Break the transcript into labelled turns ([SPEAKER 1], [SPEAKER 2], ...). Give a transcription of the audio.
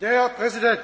[SPEAKER 1] Der Präsident!